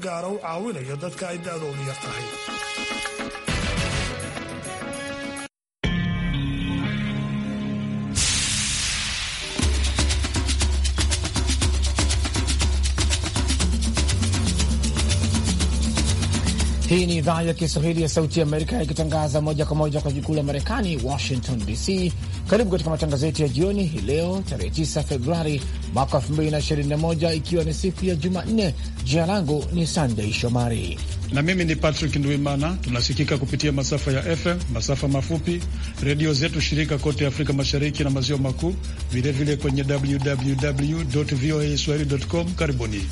gaara u caawinayo dadka ay da'doodu yar tahay Hii ni idhaa ya Kiswahili ya Sauti ya Amerika ikitangaza moja kwa moja kwa jikuu la Marekani, Washington DC. Karibu katika matangazo yetu ya jioni hii leo tarehe 9 Februari mwaka 2021 ikiwa ni siku ya Jumanne. Jina langu ni Sandei Shomari na mimi ni Patrick Nduimana. Tunasikika kupitia masafa ya FM, masafa mafupi, redio zetu shirika kote Afrika Mashariki na Maziwa Makuu, vilevile kwenye www voa swahili com. Karibuni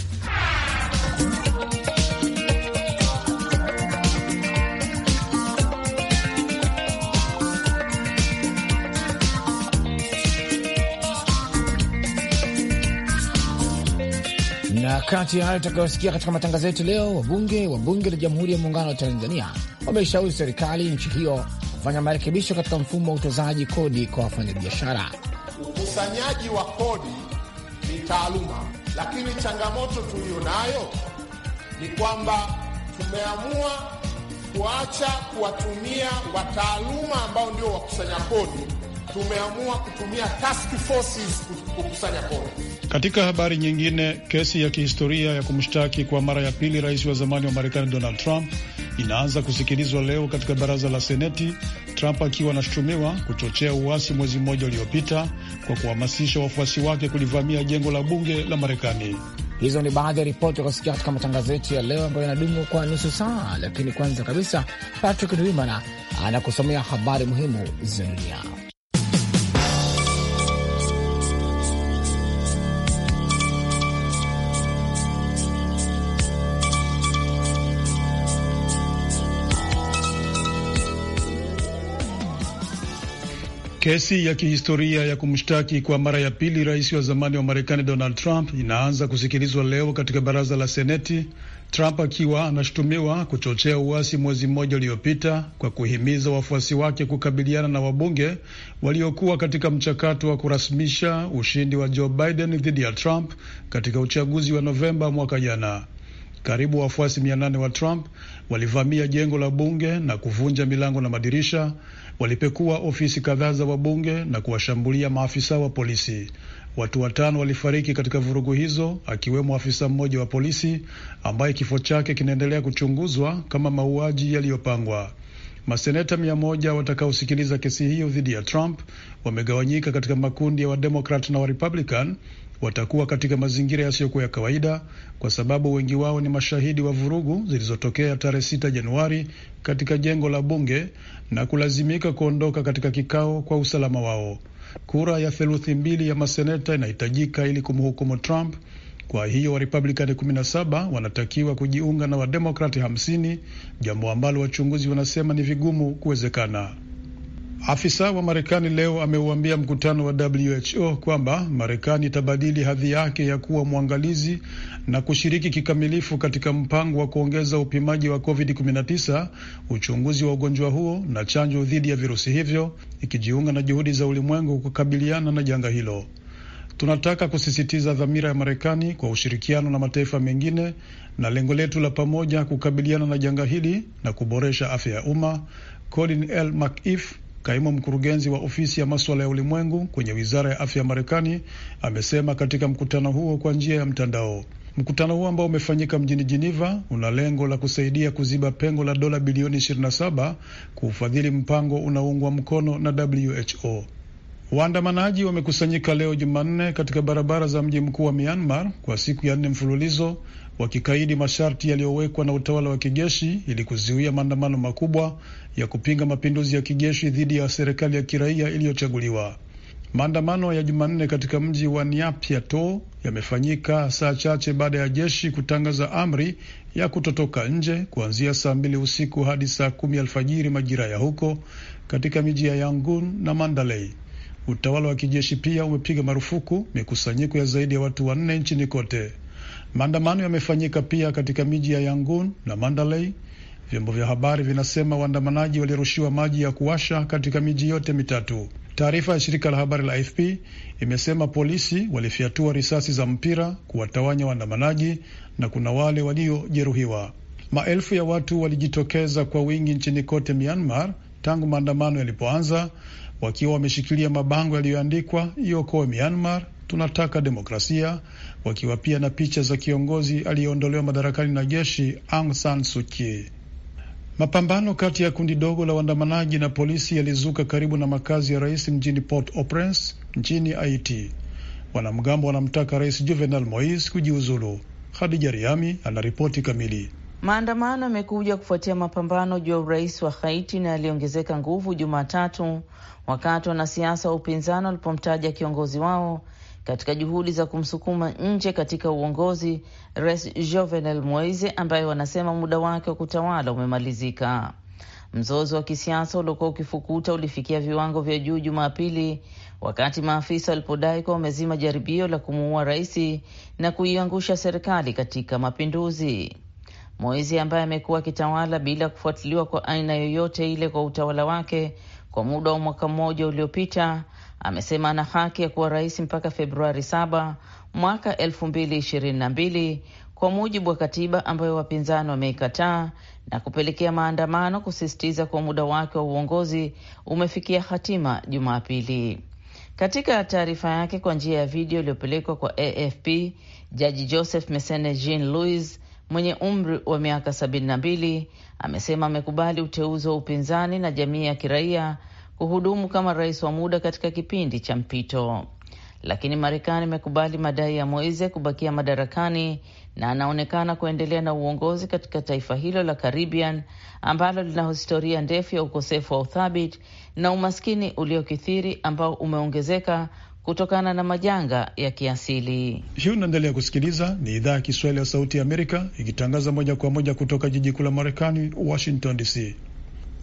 Na kati ya hayo utakayosikia katika matangazo yetu leo, wabunge wa bunge la Jamhuri ya Muungano wa Tanzania wameishauri serikali nchi hiyo kufanya marekebisho katika mfumo wa utozaji kodi kwa wafanyabiashara. Ukusanyaji wa kodi ni taaluma, lakini changamoto tuliyo nayo ni kwamba tumeamua kuacha kuwatumia wataaluma ambao ndio wakusanya kodi, tumeamua kutumia task forces kukusanya kodi. Katika habari nyingine, kesi ya kihistoria ya kumshtaki kwa mara ya pili rais wa zamani wa Marekani Donald Trump inaanza kusikilizwa leo katika baraza la Seneti, Trump akiwa anashutumiwa kuchochea uasi mwezi mmoja uliopita kwa kuhamasisha wafuasi wake kulivamia jengo la bunge la Marekani. Hizo ni baadhi ya ripoti wakasikia katika matangazo yetu ya leo ambayo yanadumu kwa nusu saa, lakini kwanza kabisa, Patrick Duimana anakusomea habari muhimu za dunia. Kesi ya kihistoria ya kumshtaki kwa mara ya pili rais wa zamani wa Marekani Donald Trump inaanza kusikilizwa leo katika baraza la Seneti, Trump akiwa anashutumiwa kuchochea uasi mwezi mmoja uliopita kwa kuhimiza wafuasi wake kukabiliana na wabunge waliokuwa katika mchakato wa kurasmisha ushindi wa Joe Biden dhidi ya Trump katika uchaguzi wa Novemba mwaka jana. Karibu wafuasi mia nane wa Trump walivamia jengo la bunge na kuvunja milango na madirisha walipekua ofisi kadhaa za wabunge na kuwashambulia maafisa wa polisi. Watu watano walifariki katika vurugu hizo, akiwemo afisa mmoja wa polisi ambaye kifo chake kinaendelea kuchunguzwa kama mauaji yaliyopangwa. Maseneta mia moja watakaosikiliza kesi hiyo dhidi ya Trump wamegawanyika katika makundi ya Wademokrat na Warepublican watakuwa katika mazingira yasiyokuwa ya kawaida kwa sababu wengi wao ni mashahidi wa vurugu zilizotokea tarehe sita Januari katika jengo la bunge na kulazimika kuondoka katika kikao kwa usalama wao. Kura ya theluthi mbili ya maseneta inahitajika ili kumhukumu Trump. Kwa hiyo Warepublikani 17 wanatakiwa kujiunga na Wademokrati 50, jambo ambalo wachunguzi wanasema ni vigumu kuwezekana. Afisa wa Marekani leo ameuambia mkutano wa WHO kwamba Marekani itabadili hadhi yake ya kuwa mwangalizi na kushiriki kikamilifu katika mpango wa kuongeza upimaji wa COVID-19, uchunguzi wa ugonjwa huo na chanjo dhidi ya virusi hivyo, ikijiunga na juhudi za ulimwengu kukabiliana na janga hilo. Tunataka kusisitiza dhamira ya Marekani kwa ushirikiano na mataifa mengine na lengo letu la pamoja kukabiliana na janga hili na kuboresha afya ya umma. Colin L. McIff Kaimu mkurugenzi wa ofisi ya maswala ya ulimwengu kwenye wizara ya afya ya Marekani amesema katika mkutano huo kwa njia ya mtandao. Mkutano huo ambao umefanyika mjini Jiniva una lengo la kusaidia kuziba pengo la dola bilioni 27 kuufadhili mpango unaoungwa mkono na WHO. Waandamanaji wamekusanyika leo Jumanne katika barabara za mji mkuu wa Myanmar kwa siku ya nne mfululizo, wakikaidi masharti yaliyowekwa na utawala wa kijeshi ili kuzuia maandamano makubwa ya kupinga mapinduzi ya kijeshi dhidi ya serikali ya kiraia iliyochaguliwa. Maandamano ya Jumanne katika mji wa Niapyato yamefanyika saa chache baada ya jeshi kutangaza amri ya kutotoka nje kuanzia saa mbili usiku hadi saa kumi alfajiri majira ya huko katika miji ya Yangon na Mandalay. Utawala wa kijeshi pia umepiga marufuku mikusanyiko ya zaidi ya watu wanne nchini kote. Maandamano yamefanyika pia katika miji ya Yangon na Mandalay. Vyombo vya habari vinasema waandamanaji walirushiwa maji ya kuwasha katika miji yote mitatu. Taarifa ya shirika la habari la AFP imesema polisi walifyatua risasi za mpira kuwatawanya waandamanaji na kuna wale waliojeruhiwa. Maelfu ya watu walijitokeza kwa wingi nchini kote Myanmar tangu maandamano yalipoanza wakiwa wameshikilia mabango yaliyoandikwa iokoe Myanmar, tunataka demokrasia, wakiwa pia na picha za kiongozi aliyeondolewa madarakani na jeshi Aung San Suu Kyi. Mapambano kati ya kundi dogo la waandamanaji na polisi yalizuka karibu na makazi ya rais mjini Port-au-Prince nchini Haiti. Wanamgambo wanamtaka Rais Juvenal Moise kujiuzulu. Khadija Riami anaripoti kamili. Maandamano yamekuja kufuatia mapambano juu ya urais wa Haiti na yaliongezeka nguvu Jumatatu wakati wanasiasa wa upinzani walipomtaja kiongozi wao katika juhudi za kumsukuma nje katika uongozi, Rais Jovenel Moise ambaye wanasema muda wake wa kutawala umemalizika. Mzozo wa kisiasa uliokuwa ukifukuta ulifikia viwango vya juu Jumapili wakati maafisa walipodai kuwa wamezima jaribio la kumuua raisi na kuiangusha serikali katika mapinduzi. Moizi ambaye amekuwa akitawala bila kufuatiliwa kwa aina yoyote ile kwa utawala wake kwa muda wa mwaka mmoja uliopita, amesema ana haki ya kuwa rais mpaka Februari 7 mwaka 2022 kwa mujibu wa katiba ambayo wapinzani wameikataa na kupelekea maandamano kusisitiza kwa muda wake wa uongozi umefikia hatima Jumapili. Katika taarifa yake kwa njia ya video iliyopelekwa kwa AFP, Jaji Joseph Mesene Jean Louis mwenye umri wa miaka sabini na mbili amesema amekubali uteuzi wa upinzani na jamii ya kiraia kuhudumu kama rais wa muda katika kipindi cha mpito, lakini Marekani imekubali madai ya Moise kubakia madarakani na anaonekana kuendelea na uongozi katika taifa hilo la Caribbean ambalo lina historia ndefu ya ukosefu wa uthabiti na umaskini uliokithiri ambao umeongezeka kutokana na majanga ya kiasili. Hii unaendelea kusikiliza, ni idhaa ya Kiswahili ya Sauti ya Amerika ikitangaza moja kwa moja kutoka jiji kuu la Marekani, Washington DC.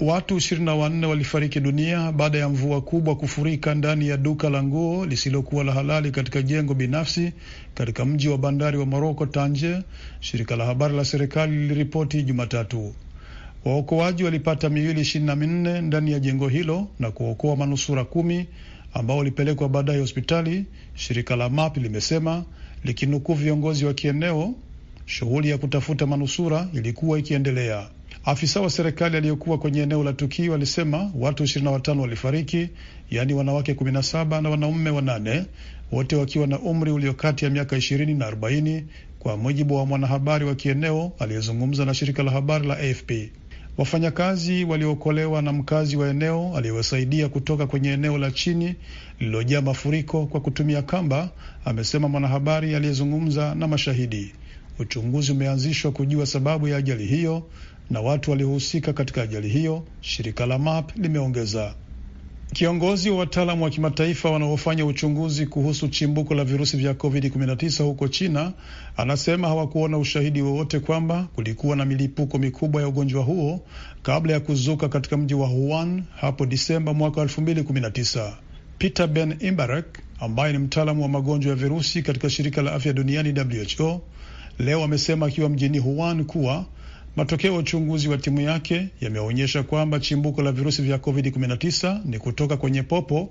Watu ishirini na wanne walifariki dunia baada ya mvua kubwa kufurika ndani ya duka la nguo lisilokuwa la halali katika jengo binafsi katika mji wa bandari wa Moroko, tanje shirika la habari la serikali liliripoti Jumatatu. Waokoaji walipata miili ishirini na minne ndani ya jengo hilo na kuokoa manusura kumi ambao walipelekwa baadaye hospitali, shirika la MAP limesema likinukuu viongozi wa kieneo. Shughuli ya kutafuta manusura ilikuwa ikiendelea. Afisa wa serikali aliyekuwa kwenye eneo la tukio alisema watu 25 walifariki, yaani wanawake 17 na wanaume wanane, wote wakiwa na umri ulio kati ya miaka 20 na 40, kwa mujibu wa mwanahabari wa kieneo aliyezungumza na shirika la habari la AFP. Wafanyakazi waliokolewa na mkazi wa eneo aliyewasaidia kutoka kwenye eneo la chini lililojaa mafuriko kwa kutumia kamba, amesema mwanahabari aliyezungumza na mashahidi. Uchunguzi umeanzishwa kujua sababu ya ajali hiyo na watu waliohusika katika ajali hiyo, shirika la MAP limeongeza. Kiongozi wa wataalamu wa kimataifa wanaofanya uchunguzi kuhusu chimbuko la virusi vya COVID-19 huko China anasema hawakuona ushahidi wowote kwamba kulikuwa na milipuko mikubwa ya ugonjwa huo kabla ya kuzuka katika mji wa Wuhan hapo Disemba mwaka 2019. Peter Ben Imbarak ambaye ni mtaalamu wa magonjwa ya virusi katika shirika la afya duniani WHO leo amesema akiwa mjini Wuhan kuwa Matokeo ya uchunguzi wa timu yake yameonyesha kwamba chimbuko la virusi vya COVID-19 ni kutoka kwenye popo,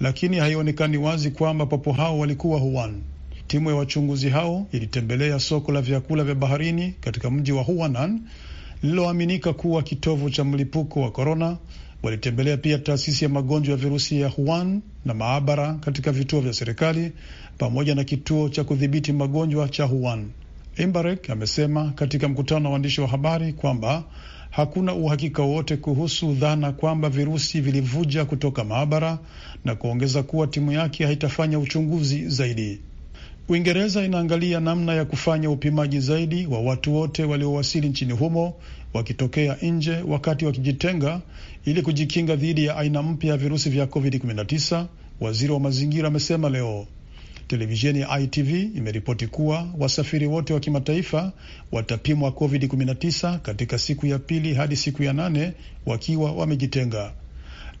lakini haionekani wazi kwamba popo hao walikuwa Wuhan. Timu ya wachunguzi hao ilitembelea soko la vyakula vya baharini katika mji wa Huanan lililoaminika kuwa kitovu cha mlipuko wa korona. Walitembelea pia taasisi ya magonjwa ya virusi ya huan na maabara katika vituo vya serikali pamoja na kituo cha kudhibiti magonjwa cha huan Imbarek amesema katika mkutano wa waandishi wa habari kwamba hakuna uhakika wowote kuhusu dhana kwamba virusi vilivuja kutoka maabara na kuongeza kuwa timu yake haitafanya uchunguzi zaidi. Uingereza inaangalia namna ya kufanya upimaji zaidi wa watu wote waliowasili nchini humo wakitokea nje wakati wakijitenga, ili kujikinga dhidi ya aina mpya ya virusi vya COVID-19, waziri wa mazingira amesema leo. Televisheni ya ITV imeripoti kuwa wasafiri wote wa kimataifa watapimwa COVID-19 katika siku ya pili hadi siku ya nane wakiwa wamejitenga.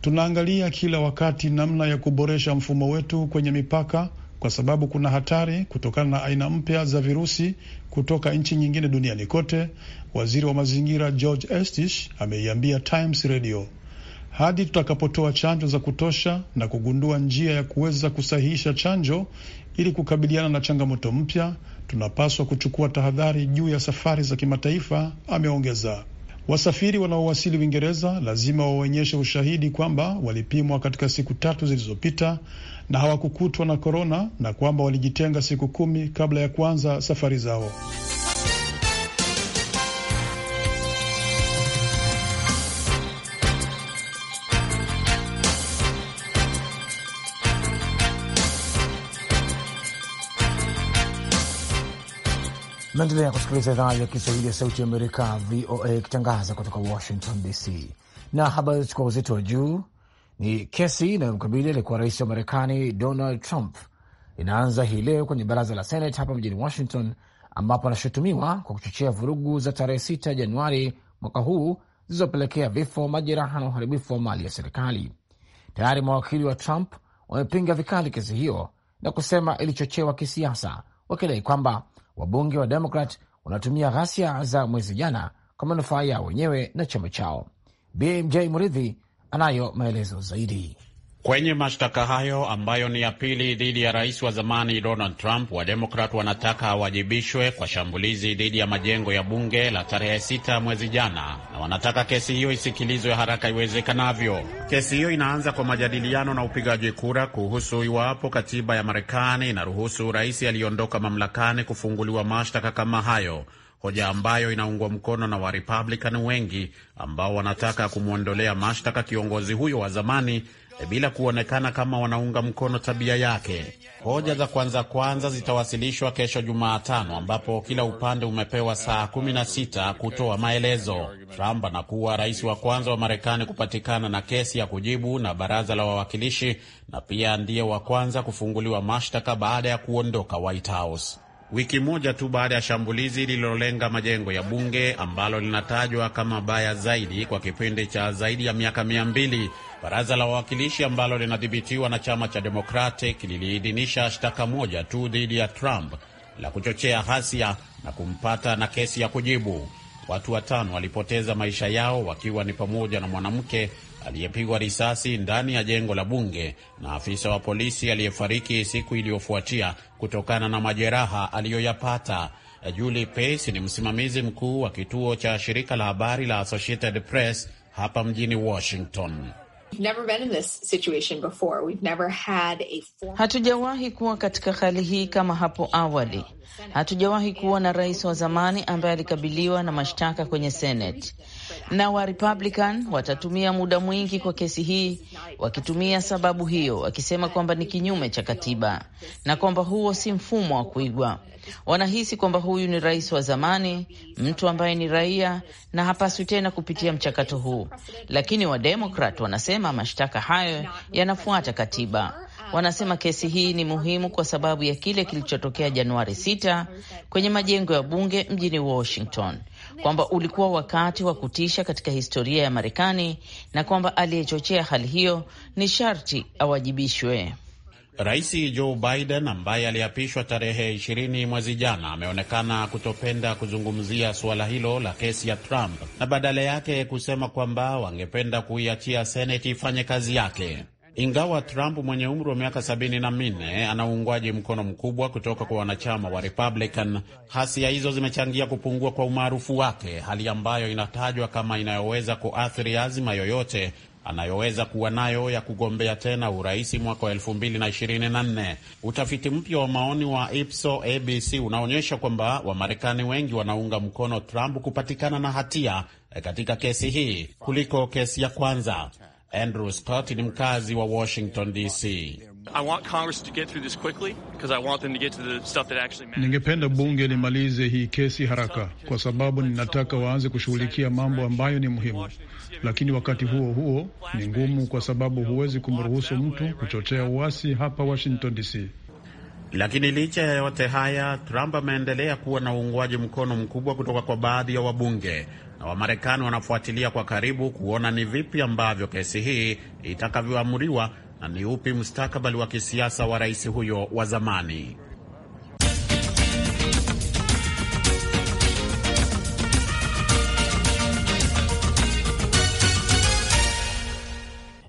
Tunaangalia kila wakati namna ya kuboresha mfumo wetu kwenye mipaka kwa sababu kuna hatari kutokana na aina mpya za virusi kutoka nchi nyingine duniani kote, waziri wa mazingira George estish ameiambia Times Radio hadi tutakapotoa chanjo za kutosha na kugundua njia ya kuweza kusahihisha chanjo ili kukabiliana na changamoto mpya, tunapaswa kuchukua tahadhari juu ya safari za kimataifa, ameongeza. Wasafiri wanaowasili Uingereza lazima waonyeshe ushahidi kwamba walipimwa katika siku tatu zilizopita na hawakukutwa na korona na kwamba walijitenga siku kumi kabla ya kuanza safari zao. Naendelea kusikiliza idhaa ya Kiswahili ya Sauti ya Amerika, VOA, ikitangaza kutoka Washington DC. Na habari zilizochukua uzito wa juu ni kesi inayomkabili aliyekuwa rais wa Marekani Donald Trump inaanza hii leo kwenye baraza la Senate hapa mjini Washington, ambapo anashutumiwa kwa kuchochea vurugu za tarehe 6 Januari mwaka huu zilizopelekea vifo, majeraha na uharibifu wa mali ya serikali. Tayari mawakili wa Trump wamepinga vikali kesi hiyo na kusema ilichochewa kisiasa, wakidai kwamba wabunge wa Demokrat wanatumia ghasia za mwezi jana kwa manufaa yao wenyewe na chama chao. BMJ Muridhi anayo maelezo zaidi. Kwenye mashtaka hayo ambayo ni ya pili dhidi ya rais wa zamani Donald Trump, Wademokrat wanataka awajibishwe kwa shambulizi dhidi ya majengo ya bunge la tarehe sita mwezi jana, na wanataka kesi hiyo isikilizwe haraka iwezekanavyo. Kesi hiyo inaanza kwa majadiliano na upigaji kura kuhusu iwapo katiba ya Marekani inaruhusu rais aliyeondoka mamlakani kufunguliwa mashtaka kama hayo, hoja ambayo inaungwa mkono na Warepublican wengi ambao wanataka kumwondolea mashtaka kiongozi huyo wa zamani E, bila kuonekana kama wanaunga mkono tabia yake. Hoja za kwanza kwanza zitawasilishwa kesho Jumatano, ambapo kila upande umepewa saa 16 kutoa maelezo. Trump anakuwa rais wa kwanza wa Marekani kupatikana na kesi ya kujibu na baraza la wawakilishi na pia ndiye wa kwanza kufunguliwa mashtaka baada ya kuondoka White House. Wiki moja tu baada ya shambulizi lililolenga majengo ya bunge ambalo linatajwa kama baya zaidi kwa kipindi cha zaidi ya miaka mia mbili Baraza la Wawakilishi ambalo linadhibitiwa na chama cha Democratic liliidhinisha shtaka moja tu dhidi ya Trump la kuchochea ghasia na kumpata na kesi ya kujibu. Watu watano walipoteza maisha yao wakiwa ni pamoja na mwanamke aliyepigwa risasi ndani ya jengo la bunge na afisa wa polisi aliyefariki siku iliyofuatia kutokana na majeraha aliyoyapata. Julie Pace ni msimamizi mkuu wa kituo cha shirika la habari la Associated Press hapa mjini Washington. Hatujawahi kuwa katika hali hii kama hapo awali. Hatujawahi kuwa na rais wa zamani ambaye alikabiliwa na mashtaka kwenye Seneti na wa Republican watatumia muda mwingi kwa kesi hii wakitumia sababu hiyo, wakisema kwamba ni kinyume cha katiba na kwamba huo si mfumo wa kuigwa. Wanahisi kwamba huyu ni rais wa zamani, mtu ambaye ni raia na hapaswi tena kupitia mchakato huu, lakini Wademokrat wanasema mashtaka hayo yanafuata katiba. Wanasema kesi hii ni muhimu kwa sababu ya kile kilichotokea Januari 6 kwenye majengo ya bunge mjini Washington, kwamba ulikuwa wakati wa kutisha katika historia ya Marekani na kwamba aliyechochea hali hiyo ni sharti awajibishwe. Rais Joe Biden ambaye aliapishwa tarehe 20 mwezi jana ameonekana kutopenda kuzungumzia suala hilo la kesi ya Trump na badala yake kusema kwamba wangependa kuiachia seneti ifanye kazi yake. Ingawa Trump mwenye umri wa miaka minne ana uungwaji mkono mkubwa kutoka kwa wanachama wa Republican, hasia hizo zimechangia kupungua kwa umaarufu wake, hali ambayo inatajwa kama inayoweza kuathiri azima yoyote anayoweza kuwa nayo ya kugombea tena uraisi mwaka wa 2024. Utafiti mpya wa maoni wa Ipso ABC unaonyesha kwamba Wamarekani wengi wanaunga mkono Trump kupatikana na hatia eh, katika kesi hii kuliko kesi ya kwanza. Andrew Scott ni mkazi wa Washington DC. Ningependa bunge limalize hii kesi haraka, kwa sababu ninataka waanze kushughulikia mambo ambayo ni muhimu, lakini wakati huo huo ni ngumu, kwa sababu huwezi kumruhusu mtu kuchochea uasi hapa Washington DC. Lakini licha ya yote haya, Trump ameendelea kuwa na uungwaji mkono mkubwa kutoka kwa baadhi ya wabunge na Wamarekani wanafuatilia kwa karibu kuona ni vipi ambavyo kesi hii itakavyoamuriwa na ni upi mustakabali wa kisiasa wa rais huyo wa zamani.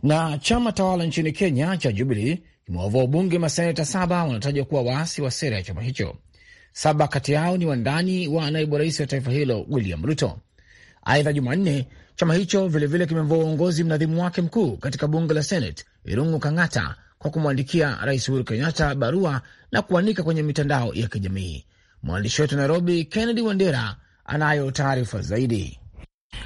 Na chama tawala nchini Kenya cha Jubilee imewavua wabunge maseneta saba wanatajwa kuwa waasi wa sera ya chama hicho. Saba kati yao ni wandani wa naibu rais wa taifa hilo William Ruto. Aidha, Jumanne chama hicho vilevile kimevua uongozi mnadhimu wake mkuu katika bunge la Senate Irungu Kang'ata kwa kumwandikia rais Uhuru Kenyatta barua na kuanika kwenye mitandao ya kijamii. Mwandishi wetu Nairobi Kennedy Wandera anayo taarifa zaidi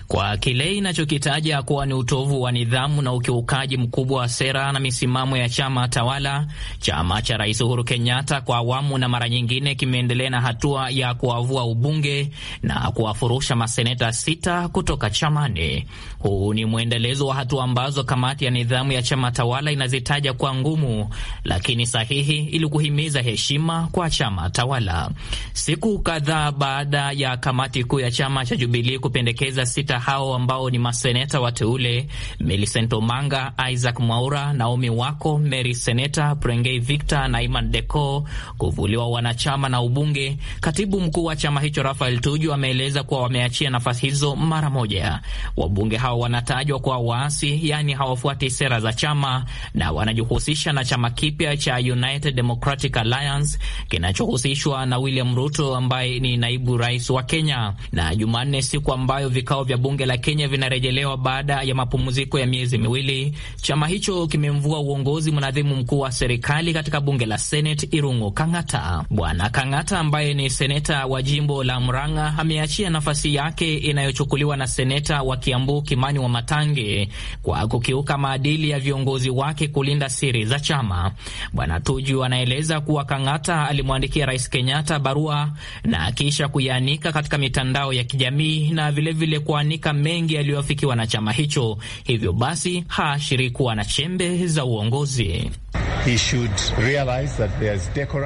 kwa kile inachokitaja kuwa ni utovu wa nidhamu na ukiukaji mkubwa wa sera na misimamo ya chama tawala. Chama cha Rais Uhuru Kenyatta kwa awamu na mara nyingine kimeendelea na hatua ya kuwavua ubunge na kuwafurusha maseneta sita kutoka chamani. Huu ni mwendelezo wa hatua ambazo kamati ya nidhamu ya chama tawala inazitaja kwa ngumu lakini sahihi ili kuhimiza heshima kwa chama tawala. Siku kadhaa baada ya kamati kuu ya chama cha Jubilii kupendekeza sita hao ambao ni maseneta wateule Millicent Omanga, Isaac Mwaura, Naomi Wako, Mary Seneta, Prengei Victor na Iman Deco kuvuliwa wanachama na ubunge. Katibu mkuu wa chama hicho Rafael Tuju ameeleza kuwa wameachia nafasi hizo mara moja. Wabunge hao wanatajwa kuwa waasi, yaani hawafuati sera za chama na wanajihusisha na chama kipya cha United Democratic Alliance kinachohusishwa na William Ruto ambaye ni naibu rais wa Kenya. Na Jumanne, siku ambayo vikao vya bunge la Kenya vinarejelewa baada ya mapumziko ya miezi miwili, chama hicho kimemvua uongozi mnadhimu mkuu wa serikali katika bunge la Senate, Irungu Kang'ata. Bwana Kang'ata ambaye ni seneta wa jimbo la Murang'a ameachia nafasi yake inayochukuliwa na seneta wa Kiambu Kimani Matange kwa kukiuka maadili ya viongozi wake kulinda siri za chama. Bwana Tuju anaeleza kuwa Kang'ata alimwandikia Rais Kenyatta barua na kisha kuianika katika mitandao ya kijamii na vilevile kuanika mengi yaliyoafikiwa na chama hicho, hivyo basi haashiri kuwa na chembe za uongozi.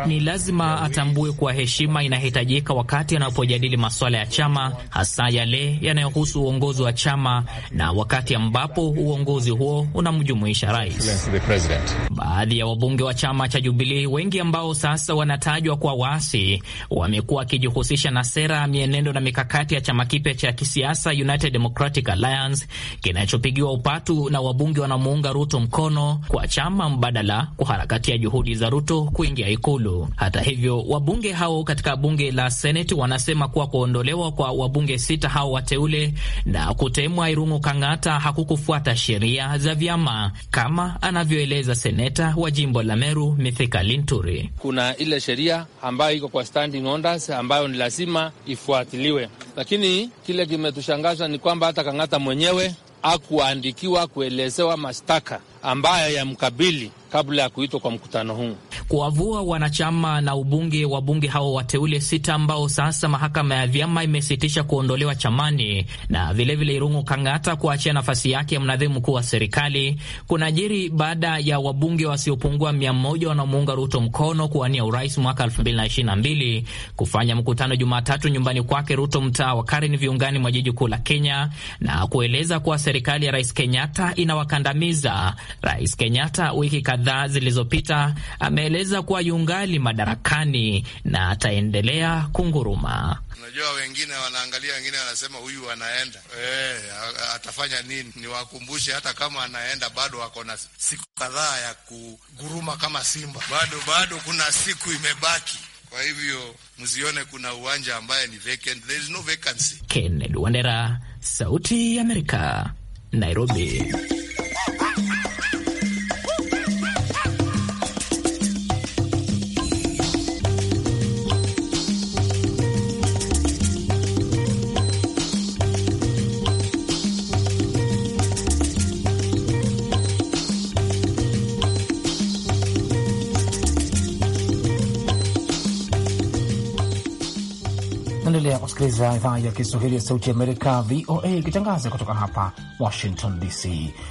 Ni lazima atambue kuwa heshima inahitajika wakati anapojadili masuala ya chama, hasa yale yanayohusu uongozi wa chama na wakati ambapo uongozi huo unamjumuisha rais. Baadhi ya wabunge wa chama cha Jubilii, wengi ambao sasa wanatajwa kwa waasi, wamekuwa wakijihusisha na sera, mienendo na mikakati ya chama kipya cha kisiasa United Democratic Alliance kinachopigiwa upatu na wabunge wanamuunga Ruto mkono kwa chama mbadala Raila kuharakatia juhudi za Ruto kuingia Ikulu. Hata hivyo, wabunge hao katika bunge la Seneti wanasema kuwa kuondolewa kwa wabunge sita hao wateule na kutemwa Irungu Kang'ata hakukufuata sheria za vyama kama anavyoeleza seneta wa jimbo la Meru Mithika Linturi. Kuna ile sheria ambayo iko kwa standing orders ambayo ni lazima ifuatiliwe, lakini kile kimetushangaza ni kwamba hata Kang'ata mwenyewe akuandikiwa kuelezewa mashtaka ambayo yamkabili kabla ya kuitwa kwa mkutano huu kuwavua wanachama na ubunge wa bunge hao wateule sita ambao sasa mahakama ya vyama imesitisha kuondolewa chamani na vilevile Irungu Kang'ata kuachia nafasi yake ya mnadhimu mkuu wa serikali kuna jiri baada ya wabunge wasiopungua mia moja wanaomuunga Ruto mkono kuwania urais mwaka 2022 kufanya mkutano Jumatatu nyumbani kwake Ruto, mtaa wa Karen, viungani mwa jiji kuu la Kenya, na kueleza kuwa serikali ya Rais Kenyatta inawakandamiza. Rais Kenyatta wiki kadhaa zilizopita ameeleza kueleza kuwa yungali madarakani na ataendelea kunguruma. Unajua, wengine wanaangalia, wengine wanasema huyu anaenda e, atafanya nini? Niwakumbushe, hata kama anaenda bado ako na siku kadhaa ya kuguruma kama simba, bado bado kuna siku imebaki. Kwa hivyo msione kuna uwanja ambaye ni vacant. There is no vacancy. Kennedy Wandera, Sauti ya Amerika, Nairobi. kusikiliza idhaa ya Kiswahili ya Sauti ya Amerika, VOA, ikitangaza kutoka hapa Washington DC.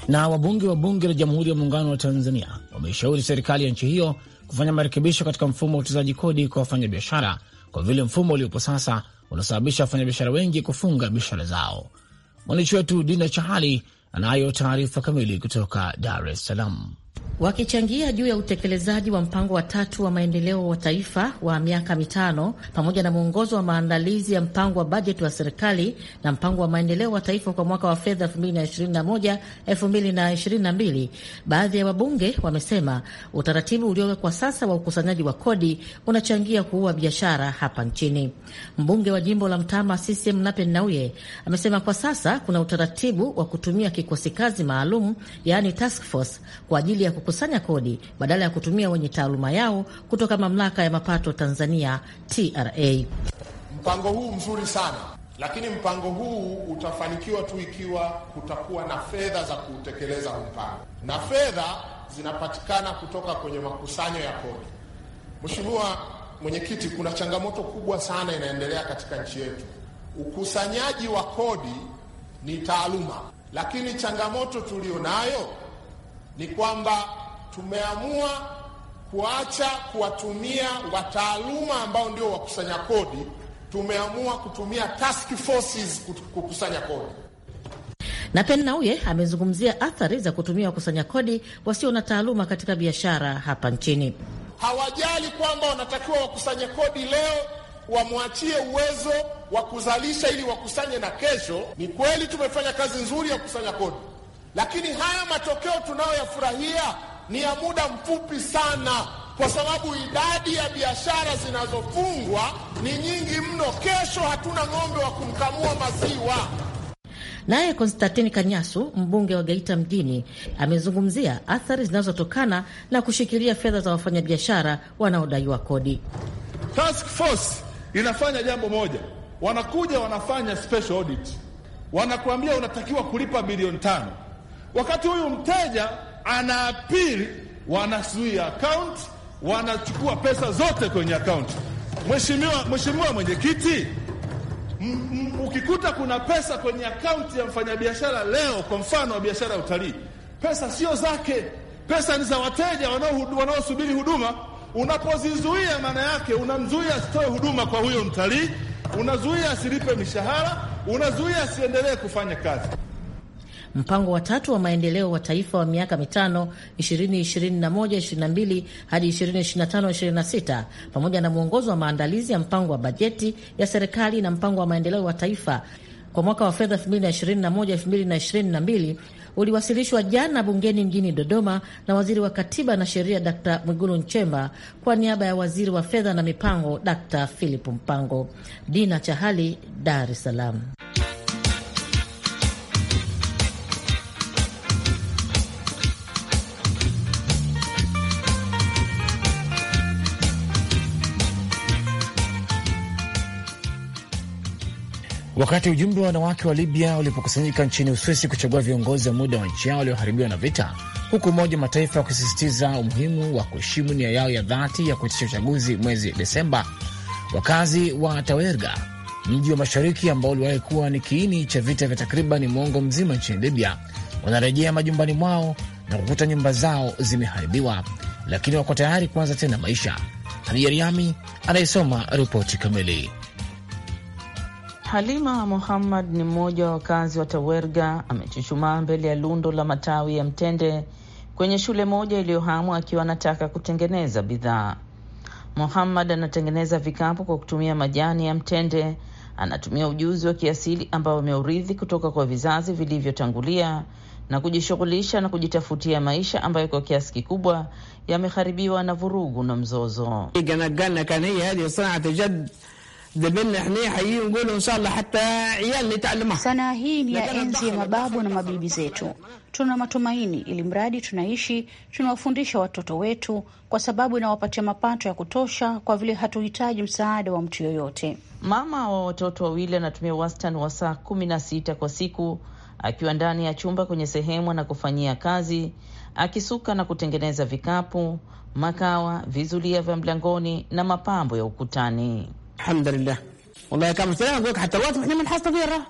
Na wabunge wa Bunge la Jamhuri ya Muungano wa Tanzania wameishauri serikali ya nchi hiyo kufanya marekebisho katika mfumo wa utozaji kodi kwa wafanyabiashara, kwa vile mfumo uliopo sasa unasababisha wafanyabiashara wengi kufunga biashara zao. Mwandishi wetu Dina Chahali anayo taarifa kamili kutoka Dar es Salaam wakichangia juu ya utekelezaji wa mpango wa tatu wa maendeleo wa taifa wa miaka mitano pamoja na mwongozo wa maandalizi ya mpango wa bajeti wa serikali na mpango wa maendeleo wa taifa kwa mwaka wa fedha 2021 2022. Baadhi ya wabunge wamesema utaratibu uliowekwa sasa wa ukusanyaji wa kodi unachangia kuua biashara hapa nchini. Mbunge wa jimbo la Mtama CCM Nape Nnauye amesema kwa sasa kuna utaratibu wa kutumia kikosi kazi maalum, yaani task force, kwa ajili ya kukusanya kodi badala ya kutumia wenye taaluma yao kutoka mamlaka ya mapato Tanzania TRA. Mpango huu mzuri sana, lakini mpango huu utafanikiwa tu ikiwa kutakuwa na fedha za kuutekeleza mpango, na fedha zinapatikana kutoka kwenye makusanyo ya kodi. Mheshimiwa Mwenyekiti, kuna changamoto kubwa sana inaendelea katika nchi yetu. Ukusanyaji wa kodi ni taaluma, lakini changamoto tuliyo nayo ni kwamba tumeamua kuacha kuwatumia wataaluma ambao ndio wakusanya kodi, tumeamua kutumia task forces kukusanya kodi. Napen Nauye amezungumzia athari za kutumia wakusanya kodi wasio na taaluma katika biashara hapa nchini. Hawajali kwamba wanatakiwa wakusanye kodi leo, wamwachie uwezo wa kuzalisha ili wakusanye na kesho. Ni kweli tumefanya kazi nzuri ya kukusanya kodi lakini haya matokeo tunayoyafurahia ni ya muda mfupi sana, kwa sababu idadi ya biashara zinazofungwa ni nyingi mno. Kesho hatuna ng'ombe wa kumkamua maziwa. Naye Konstantini Kanyasu, mbunge wa Geita Mjini, amezungumzia athari zinazotokana na kushikilia fedha za wafanyabiashara wanaodaiwa kodi. Task force inafanya jambo moja, wanakuja wanafanya special audit, wanakuambia unatakiwa kulipa bilioni tano Wakati huyu mteja ana apili wanazuia akaunti, wanachukua pesa zote kwenye akaunti. Mheshimiwa, Mheshimiwa Mwenyekiti, ukikuta kuna pesa kwenye akaunti ya mfanyabiashara leo, kwa mfano wa biashara ya utalii, pesa sio zake, pesa ni za wateja wanaosubiri huduma. Unapozizuia maana yake unamzuia asitoe huduma kwa huyo mtalii, unazuia asilipe mishahara, unazuia asiendelee kufanya kazi. Mpango wa tatu wa maendeleo wa taifa wa miaka mitano 2021, hadi 2025, pamoja na mwongozo wa maandalizi ya mpango wa bajeti ya serikali na mpango wa maendeleo wa taifa kwa mwaka wa fedha 2021, 2022 uliwasilishwa jana bungeni mjini Dodoma na waziri wa katiba na sheria Dkt. Mwigulu Nchemba kwa niaba ya waziri wa fedha na mipango Dkt. Philip Mpango. Dina Chahali, Dar es Salaam. Wakati ujumbe wa wanawake wa Libya ulipokusanyika nchini Uswisi kuchagua viongozi wa muda wa nchi yao walioharibiwa na vita, huku Umoja Mataifa wakisisitiza umuhimu wa kuheshimu nia yao ya dhati ya kuitisha uchaguzi mwezi Desemba, wakazi wa Tawerga, mji wa mashariki ambao uliwahi kuwa ni kiini cha vita vya takriban mwongo mzima nchini Libya, wanarejea majumbani mwao na kukuta nyumba zao zimeharibiwa, lakini wako tayari kuanza tena maisha. Hadija Riami anayesoma ripoti kamili. Halima muhammad ni mmoja wa wakazi wa Tawerga. Amechuchumaa mbele ya lundo la matawi ya mtende kwenye shule moja iliyohamwa akiwa anataka kutengeneza bidhaa. muhammad anatengeneza vikapu kwa kutumia majani ya mtende. Anatumia ujuzi wa kiasili ambao ameurithi kutoka kwa vizazi vilivyotangulia na kujishughulisha na kujitafutia maisha ambayo kwa kiasi kikubwa yameharibiwa na vurugu na mzozo. Sanaa hii ni ya enzi ya mababu na mabibi zetu. Tuna matumaini, ili mradi tunaishi, tunawafundisha watoto wetu, kwa sababu inawapatia mapato ya kutosha, kwa vile hatuhitaji msaada wa mtu yoyote. Mama wa watoto wawili anatumia wastani wa saa kumi na sita kwa siku akiwa ndani ya chumba kwenye sehemu anakofanyia kazi, akisuka na kutengeneza vikapu, makawa, vizulia vya mlangoni na mapambo ya ukutani. Alhamdulillah. Wallahi kama salama kuweka hata watu mwenye hasta fira.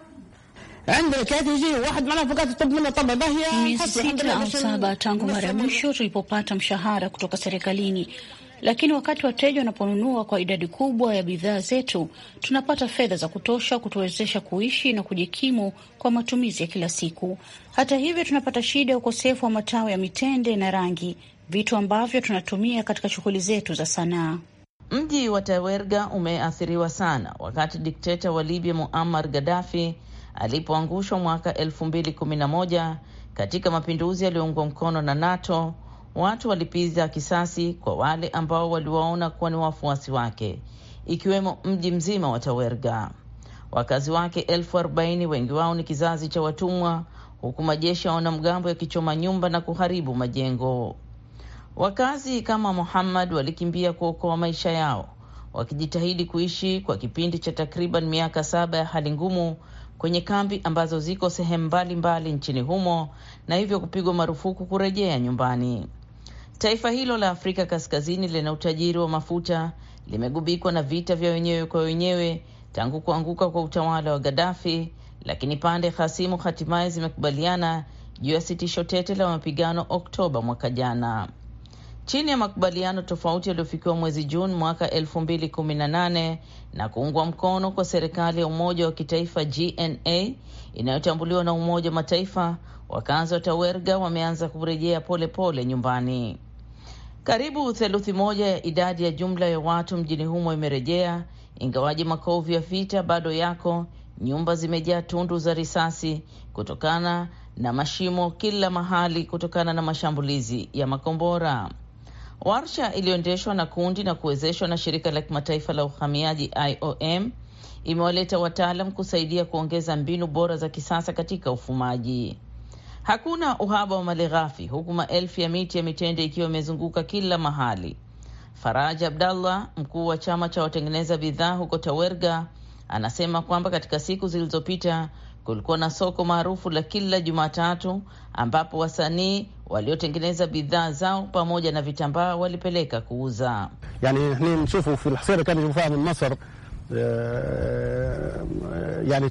Miezi sita au saba tangu mara ya mwisho tulipopata mshahara kutoka serikalini, lakini wakati wateja wanaponunua kwa idadi kubwa ya bidhaa zetu, tunapata fedha za kutosha kutuwezesha kuishi na kujikimu kwa matumizi ya kila siku. Hata hivyo, tunapata shida ya ukosefu wa matao ya mitende na rangi, vitu ambavyo tunatumia katika shughuli zetu za sanaa. Mji wa Tawerga umeathiriwa sana wakati dikteta wa Libya Muammar Gaddafi alipoangushwa mwaka 211 katika mapinduzi yaliyoungwa mkono na NATO. Watu walipiza kisasi kwa wale ambao waliwaona kuwa ni wafuasi wake, ikiwemo mji mzima wa Tawerga. Wakazi wake elfu arobaini, wengi wao ni kizazi cha watumwa, huku majeshi ya wanamgambo yakichoma nyumba na kuharibu majengo. Wakazi kama Muhammad walikimbia kuokoa maisha yao wakijitahidi kuishi kwa kipindi cha takriban miaka saba ya hali ngumu kwenye kambi ambazo ziko sehemu mbalimbali nchini humo na hivyo kupigwa marufuku kurejea nyumbani. Taifa hilo la Afrika Kaskazini lina utajiri wa mafuta, limegubikwa na vita vya wenyewe kwa wenyewe tangu kuanguka kwa utawala wa Gaddafi, lakini pande hasimu hatimaye zimekubaliana juu ya sitisho tete la mapigano Oktoba mwaka jana chini ya makubaliano tofauti yaliyofikiwa mwezi Juni mwaka 2018 na kuungwa mkono kwa serikali ya umoja wa kitaifa GNA inayotambuliwa na Umoja wa Mataifa, wakazi wa tawerga wameanza kurejea polepole nyumbani. Karibu theluthi moja ya idadi ya jumla ya watu mjini humo imerejea, ingawaji makovu ya vita bado yako. Nyumba zimejaa tundu za risasi kutokana na mashimo kila mahali kutokana na mashambulizi ya makombora. Warsha iliyoendeshwa na kundi na kuwezeshwa na shirika la kimataifa la uhamiaji IOM imewaleta wataalam kusaidia kuongeza mbinu bora za kisasa katika ufumaji. Hakuna uhaba wa mali ghafi huku maelfu ya miti ya mitende ikiwa imezunguka kila mahali. Faraj Abdallah, mkuu wa chama cha watengeneza bidhaa huko Tawerga, anasema kwamba katika siku zilizopita kulikuwa na soko maarufu la kila Jumatatu ambapo wasanii waliotengeneza bidhaa zao pamoja na vitambaa walipeleka kuuza. Yani, eh, eh, Yani,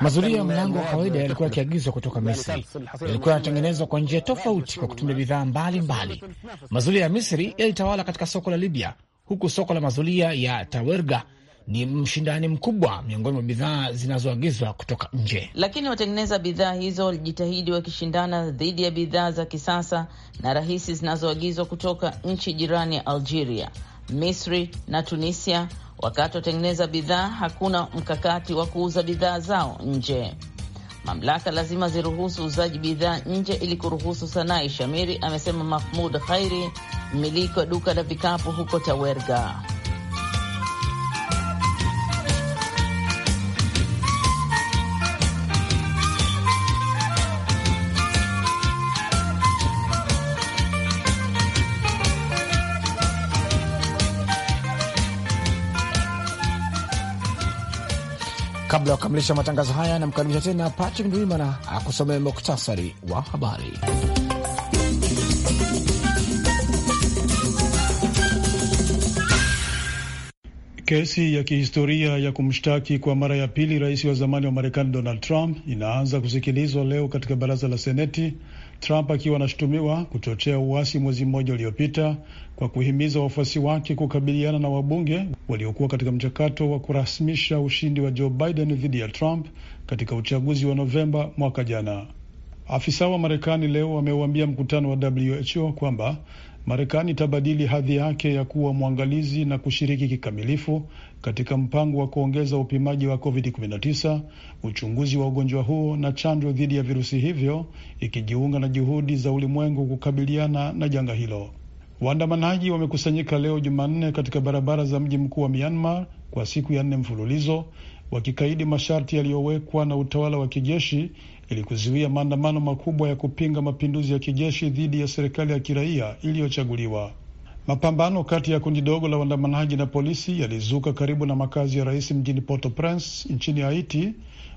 mazulia ya mlango wa kawaida yalikuwa yakiagizwa kutoka Misri, yalikuwa yanatengenezwa kwa njia tofauti kwa kutumia bidhaa mbalimbali. Mazulia ya Misri yalitawala katika soko la Libya, huku soko la mazulia ya Tawerga ni mshindani mkubwa miongoni mwa bidhaa zinazoagizwa kutoka nje, lakini watengeneza bidhaa hizo walijitahidi wakishindana dhidi ya bidhaa za kisasa na rahisi zinazoagizwa kutoka nchi jirani ya Algeria, Misri na Tunisia. Wakati watengeneza bidhaa hakuna mkakati wa kuuza bidhaa zao nje. Mamlaka lazima ziruhusu uuzaji bidhaa nje ili kuruhusu sanai shamiri amesema Mahmud Khairi, mmiliki wa duka la vikapu huko Tawerga. Kabla ya kukamilisha matangazo haya, namkaribisha tena Patrick Ndwimana akusomee muktasari wa habari. Kesi ya kihistoria ya kumshtaki kwa mara ya pili rais wa zamani wa Marekani Donald Trump inaanza kusikilizwa leo katika baraza la Seneti Trump akiwa anashutumiwa kuchochea uasi mwezi mmoja uliopita kwa kuhimiza wafuasi wake kukabiliana na wabunge waliokuwa katika mchakato wa kurasmisha ushindi wa Joe Biden dhidi ya Trump katika uchaguzi wa Novemba mwaka jana. Afisa wa Marekani leo ameuambia mkutano wa WHO kwamba Marekani itabadili hadhi yake ya kuwa mwangalizi na kushiriki kikamilifu katika mpango wa kuongeza upimaji wa COVID-19, uchunguzi wa ugonjwa huo na chanjo dhidi ya virusi hivyo, ikijiunga na juhudi za ulimwengu kukabiliana na janga hilo. Waandamanaji wamekusanyika leo Jumanne katika barabara za mji mkuu wa Myanmar kwa siku ya nne mfululizo wakikaidi masharti yaliyowekwa na utawala wa kijeshi ili kuzuia maandamano makubwa ya kupinga mapinduzi ya kijeshi dhidi ya serikali ya kiraia iliyochaguliwa. Mapambano kati ya kundi dogo la waandamanaji na polisi yalizuka karibu na makazi ya rais mjini Port-au-Prince nchini Haiti.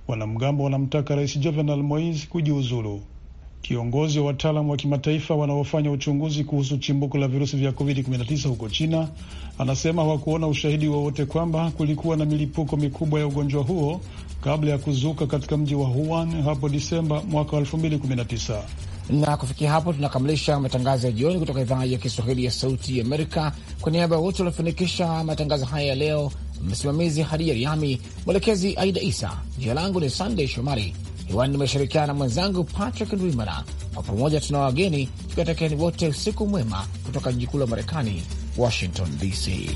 Wanamgambo wanamtaka Rais Jovenel Moise kujiuzulu. Kiongozi wa wataalamu wa kimataifa wanaofanya uchunguzi kuhusu chimbuko la virusi vya COVID-19 huko China anasema hawakuona ushahidi wowote kwamba kulikuwa na milipuko mikubwa ya ugonjwa huo kabla ya kuzuka katika mji wa Wuhan hapo Disemba mwaka 2019. Na kufikia hapo tunakamilisha matangazo ya jioni kutoka idhaa ya Kiswahili ya Sauti ya Amerika. Kwa niaba ya wote waliofanikisha matangazo haya ya leo, msimamizi Hadia Riami, mwelekezi Aida Isa, jina langu ni Sandey Shomari hewani nimeshirikiana na mwenzangu Patrick Ndwimana. Kwa pamoja tuna wageni tukiwatakieni wote usiku mwema kutoka jiji kuu la Marekani, Washington DC.